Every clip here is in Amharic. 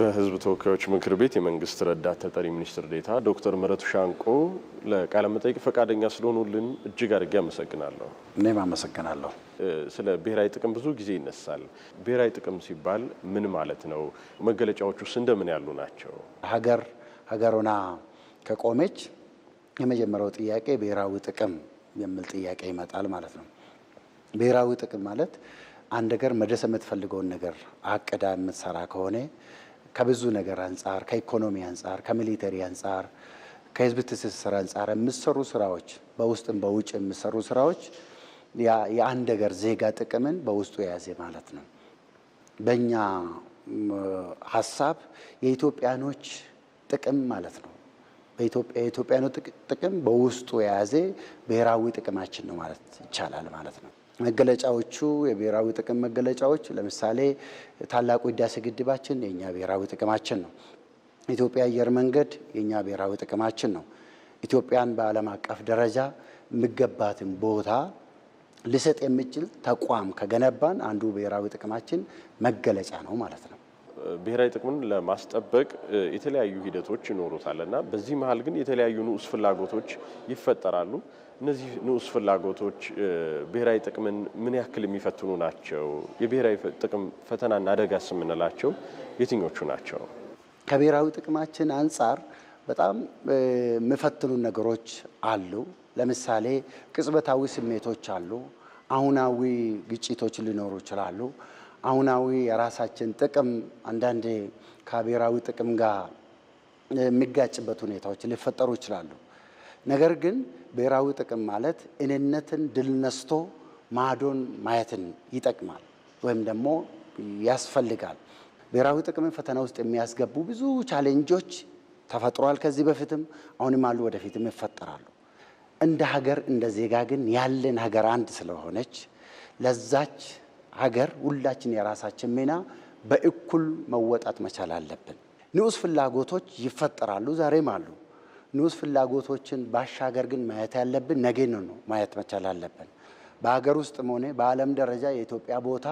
በህዝብ ተወካዮች ምክር ቤት የመንግስት ረዳት ተጠሪ ሚኒስትር ዴታ ዶክተር ምረቱ ሻንቆ ለቃለ መጠይቅ ፈቃደኛ ስለሆኑልን እጅግ አድርጌ አመሰግናለሁ። እኔም አመሰግናለሁ። ስለ ብሔራዊ ጥቅም ብዙ ጊዜ ይነሳል። ብሔራዊ ጥቅም ሲባል ምን ማለት ነው? መገለጫዎች ውስጥ እንደምን ያሉ ናቸው? ሀገር ሀገሩና ከቆመች የመጀመሪያው ጥያቄ ብሔራዊ ጥቅም የሚል ጥያቄ ይመጣል ማለት ነው። ብሔራዊ ጥቅም ማለት አንድ ሀገር መደሰ የምትፈልገውን ነገር አቅዳ የምትሰራ ከሆነ ከብዙ ነገር አንጻር ከኢኮኖሚ አንጻር ከሚሊተሪ አንጻር ከህዝብ ትስስር አንጻር የሚሰሩ ስራዎች በውስጥም በውጭ የሚሰሩ ስራዎች የአንድ ሀገር ዜጋ ጥቅምን በውስጡ የያዘ ማለት ነው። በእኛ ሀሳብ የኢትዮጵያኖች ጥቅም ማለት ነው። የኢትዮጵያኖች ጥቅም በውስጡ የያዘ ብሔራዊ ጥቅማችን ነው ማለት ይቻላል ማለት ነው። መገለጫዎቹ የብሔራዊ ጥቅም መገለጫዎች ለምሳሌ ታላቁ ህዳሴ ግድባችን የእኛ ብሔራዊ ጥቅማችን ነው። ኢትዮጵያ አየር መንገድ የእኛ ብሔራዊ ጥቅማችን ነው። ኢትዮጵያን በዓለም አቀፍ ደረጃ የሚገባትን ቦታ ልሰጥ የሚችል ተቋም ከገነባን አንዱ ብሔራዊ ጥቅማችን መገለጫ ነው ማለት ነው። ብሔራዊ ጥቅምን ለማስጠበቅ የተለያዩ ሂደቶች ይኖሩታል እና በዚህ መሀል ግን የተለያዩ ንዑስ ፍላጎቶች ይፈጠራሉ። እነዚህ ንዑስ ፍላጎቶች ብሔራዊ ጥቅምን ምን ያክል የሚፈትኑ ናቸው? የብሔራዊ ጥቅም ፈተናና አደጋስ የምንላቸው የትኞቹ ናቸው? ከብሔራዊ ጥቅማችን አንጻር በጣም የሚፈትኑ ነገሮች አሉ። ለምሳሌ ቅጽበታዊ ስሜቶች አሉ። አሁናዊ ግጭቶች ሊኖሩ ይችላሉ። አሁናዊ የራሳችን ጥቅም አንዳንዴ ከብሔራዊ ጥቅም ጋር የሚጋጭበት ሁኔታዎች ሊፈጠሩ ይችላሉ። ነገር ግን ብሔራዊ ጥቅም ማለት እኔነትን ድል ነስቶ ማዶን ማየትን ይጠቅማል ወይም ደግሞ ያስፈልጋል። ብሔራዊ ጥቅምን ፈተና ውስጥ የሚያስገቡ ብዙ ቻሌንጆች ተፈጥሯል። ከዚህ በፊትም አሁንም አሉ፣ ወደፊትም ይፈጠራሉ። እንደ ሀገር እንደ ዜጋ ግን ያለን ሀገር አንድ ስለሆነች ለዛች ሀገር ሁላችን የራሳችን ሚና በእኩል መወጣት መቻል አለብን። ንዑስ ፍላጎቶች ይፈጠራሉ፣ ዛሬም አሉ። ንዑስ ፍላጎቶችን ባሻገር ግን ማየት ያለብን ነገን ነው ማየት መቻል አለብን። በሀገር ውስጥም ሆነ በዓለም ደረጃ የኢትዮጵያ ቦታ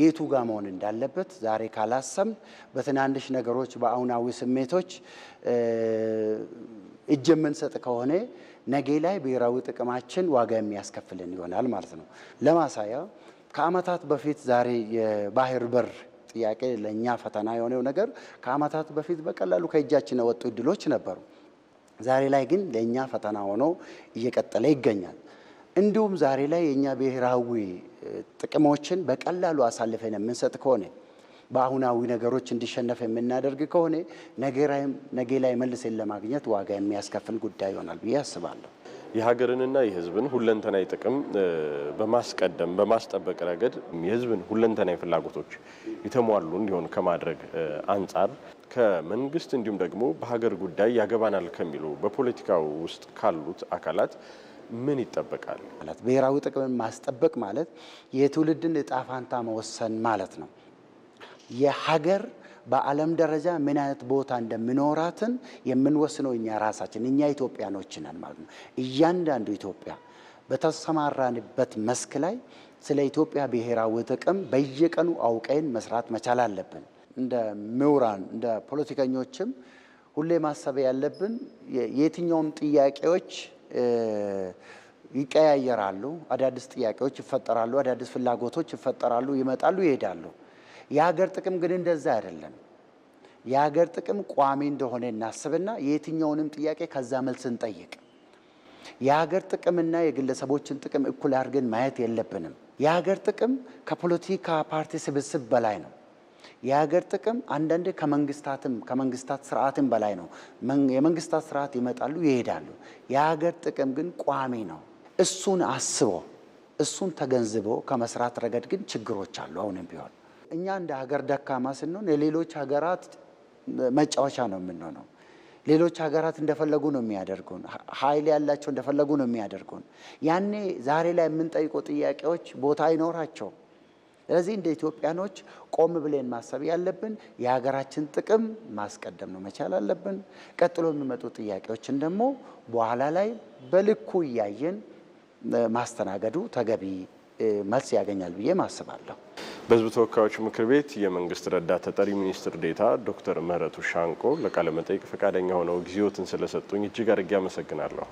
የቱ ጋ መሆን እንዳለበት ዛሬ ካላሰም በትናንሽ ነገሮች በአሁናዊ ስሜቶች እጅ የምንሰጥ ከሆነ ነገ ላይ ብሔራዊ ጥቅማችን ዋጋ የሚያስከፍልን ይሆናል ማለት ነው። ለማሳያ ከዓመታት በፊት ዛሬ የባህር በር ጥያቄ ለእኛ ፈተና የሆነው ነገር ከዓመታት በፊት በቀላሉ ከእጃችን የወጡ እድሎች ነበሩ። ዛሬ ላይ ግን ለእኛ ፈተና ሆኖ እየቀጠለ ይገኛል። እንዲሁም ዛሬ ላይ የእኛ ብሔራዊ ጥቅሞችን በቀላሉ አሳልፈን የምንሰጥ ከሆነ በአሁናዊ ነገሮች እንዲሸነፍ የምናደርግ ከሆነ ነገ ላይ መልሰን ለማግኘት ዋጋ የሚያስከፍል ጉዳይ ይሆናል ብዬ አስባለሁ። የሀገርንና የህዝብን ሁለንተናዊ ጥቅም በማስቀደም በማስጠበቅ ረገድ የህዝብን ሁለንተናዊ ፍላጎቶች የተሟሉ እንዲሆን ከማድረግ አንጻር ከመንግስት እንዲሁም ደግሞ በሀገር ጉዳይ ያገባናል ከሚሉ በፖለቲካው ውስጥ ካሉት አካላት ምን ይጠበቃል? ማለት ብሔራዊ ጥቅምን ማስጠበቅ ማለት የትውልድን እጣ ፋንታ መወሰን ማለት ነው። የሀገር በዓለም ደረጃ ምን አይነት ቦታ እንደምኖራትን የምንወስነው እኛ ራሳችን እኛ ኢትዮጵያኖች ነን ማለት ነው። እያንዳንዱ ኢትዮጵያ በተሰማራንበት መስክ ላይ ስለ ኢትዮጵያ ብሔራዊ ጥቅም በየቀኑ አውቀን መስራት መቻል አለብን። እንደ ምሁራን እንደ ፖለቲከኞችም ሁሌ ማሰብ ያለብን የትኛውም ጥያቄዎች ይቀያየራሉ፣ አዳዲስ ጥያቄዎች ይፈጠራሉ፣ አዳዲስ ፍላጎቶች ይፈጠራሉ፣ ይመጣሉ፣ ይሄዳሉ። የሀገር ጥቅም ግን እንደዛ አይደለም። የሀገር ጥቅም ቋሚ እንደሆነ እናስብና የትኛውንም ጥያቄ ከዛ መልስ እንጠይቅ። የሀገር ጥቅምና የግለሰቦችን ጥቅም እኩል አድርገን ማየት የለብንም። የሀገር ጥቅም ከፖለቲካ ፓርቲ ስብስብ በላይ ነው። የሀገር ጥቅም አንዳንድ ከመንግስታትም ከመንግስታት ስርዓትም በላይ ነው። የመንግስታት ስርዓት ይመጣሉ ይሄዳሉ። የሀገር ጥቅም ግን ቋሚ ነው። እሱን አስቦ እሱን ተገንዝቦ ከመስራት ረገድ ግን ችግሮች አሉ አሁንም ቢሆን እኛ እንደ ሀገር ደካማ ስንሆን የሌሎች ሀገራት መጫወቻ ነው የምንሆነው። ሌሎች ሀገራት እንደፈለጉ ነው የሚያደርጉን። ኃይል ያላቸው እንደፈለጉ ነው የሚያደርጉን። ያኔ ዛሬ ላይ የምንጠይቀው ጥያቄዎች ቦታ አይኖራቸው። ስለዚህ እንደ ኢትዮጵያኖች ቆም ብለን ማሰብ ያለብን የሀገራችን ጥቅም ማስቀደም ነው መቻል አለብን። ቀጥሎ የሚመጡ ጥያቄዎችን ደግሞ በኋላ ላይ በልኩ እያየን ማስተናገዱ ተገቢ መልስ ያገኛል ብዬ ማስባለሁ። በህዝብ ተወካዮች ምክር ቤት የመንግስት ረዳት ተጠሪ ሚኒስትር ዴታ ዶክተር ምህረቱ ሻንቆ መጠይቅ ፈቃደኛ ሆነው ጊዜዎትን ስለሰጡኝ እጅግ አድርጌ አመሰግናለሁ።